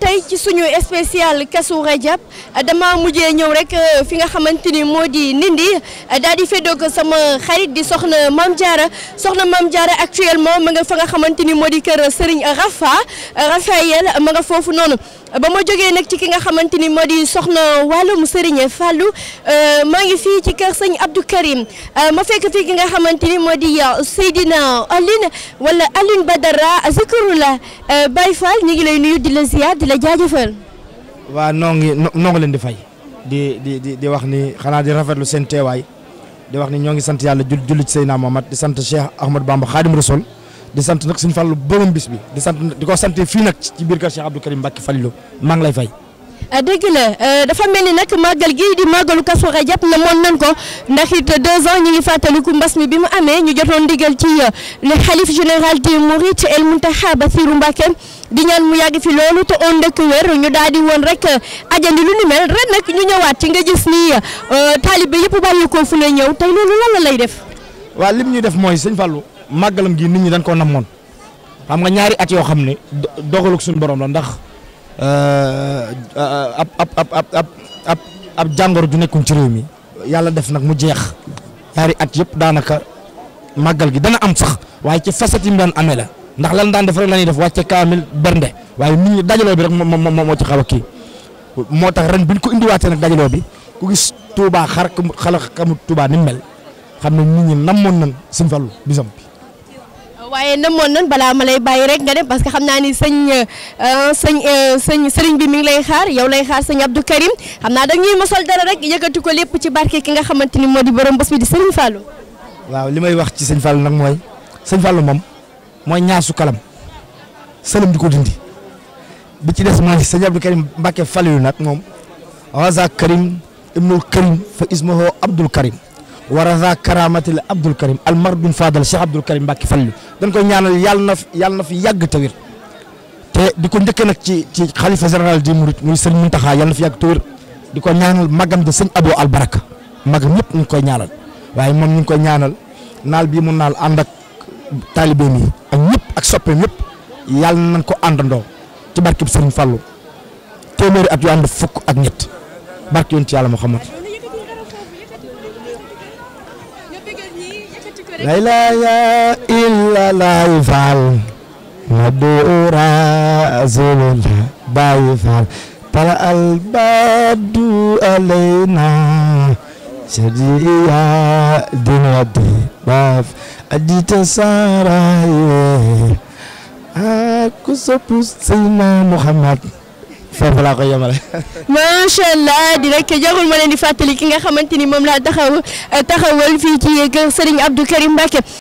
tay ci suñu spécial kessu rajab dama mujjé ñew rek fi nga xamanteni modi nindi daldi fédo ko sama xarit di soxna mam diara soxna mam diara actuellement ma nga fa nga xamanteni modi keur serigne rafa rafael ma nga fofu nonu ba ma jógee nag ci ki nga xamante ni moo di soxna wàllu mu sëriñ Fallou euh, maa ngi fii ci kër sëñ Abdou Karim euh, ma fekk fii ki nga xamante ni moo di euh, Seydina Aline wala Aline Badara Zikrullah Baye Fall ñu ngi lay nuyu di la ziar di la jaajëfal. waa noo ngi noo leen di fay di di di wax ni xanaa di rafetlu seen teewaay di wax ni ñoo ngi sant yàlla jul julli naa Seydina at di sant Cheikh Ahmad Bamba Khadim Rasoul di sant nag suñu fàllu borom bis bi di sant di ko sante fii nag ci biir kër Cheikh Abdou Karim Mbacke Falilou lay fay. Ah, dégg la euh, dafa mel ni nag màggal gii di màggalu Kazu jat na moon nan ko ndax it deux ans ñu ngi fàttaliku mbas mi bi mu amee ñu jotoon ndigal ci euh, le xalif général des Mourides El Mountakha Bassirou Mbacké di ñaan mu yàgg fi loolu te on ndëkk wér ñu daal di woon rek euh, ajandi lu ni mel ren nag ñu ñëwaat ci nga gis ni taalibe yëpp bàyyi ko fu ne ñëw tey la lay def. waaw lim ñuy def mooy sëñ Fallou magalam gi nit ñi dañ ko namoon xam nga ñaari at yoo xam ne doxaluk suñu borom la ndax ab euh, ab ab ab ab ab ab jàngoro ju nekkuñ ci réew mi def nak mu jeex ñaari at yëpp daanaka màggal gi dana am sax waaye ci fasat yi mu daan ndax lan daan def rek la ñuy def wàcce kaamil bernde waaye nit ñi dajaloo bi rek moo moo moo ci xaw a kii moo tax ren bi ñu ko indiwaatee nag dajaloo bi ku gis tuubaa xar xala xamut tuubaa ni mel xam nit ñi namoon nañ sin fallu bisam bi waaye moon nan balaa ma lay bàyyi rek nga dem parce que xam naa ni sëñ euh, sëñ euh, sëñ sëriñ bi mi ngi lay xaar yow lay xaar sëñ Abdou Karim xam naa da ñuy mosal dara rek yëkkati ko lépp ci barke ki nga xamante ni moo di bërëm bés bi di sëriñ Fallou. waaw li may wax ci sëñ Fallou nag mooy sëñ Fallou moom mooy ñaasu kalam sëlëm di ko dindi bi ci des mooy sëñ Abdou Karim Mbacke Fallou nag moom Raza Karim Ibnul Karim fa ismuhu Abdul Karim. a waraza karamatil Abdul Karim al mardum Fadal Cheikh Abdul Karim Mbacke Fallu dañ koy ñaanal yàlla na yàlla fi yàgg te te di ko njëkkee nag ci ci xalifa général di Mouride muy sëñ Muntaxa yàlla na fi yàgg te di ko ñaanal magam de sëñ Abo Albaraka magam ñëpp ñu ngi koy ñaanal waaye moom ñu ngi ñaanal naal bii mu naal ànd ak taalibeem yi ak ñëpp ak soppeem ñëpp yàlla nañ ko àndandoo ci barkeb Sëriñ Fallu téeméeri ak yu ànd fukk ak ñett barke yoon ci yàlla Muhammad la ilaha illa lay faal na duura azulul bay faal para albadu alayna sadiya dinati baaf ajita saraye ak sopp Seydina Muhammad foofu laa ko yemale. macha allah di rek jarul ma leen di fàttali ki nga xamante ni moom laa taxaw taxawal fii ci kër Serigne Abdou Karim Mbacke.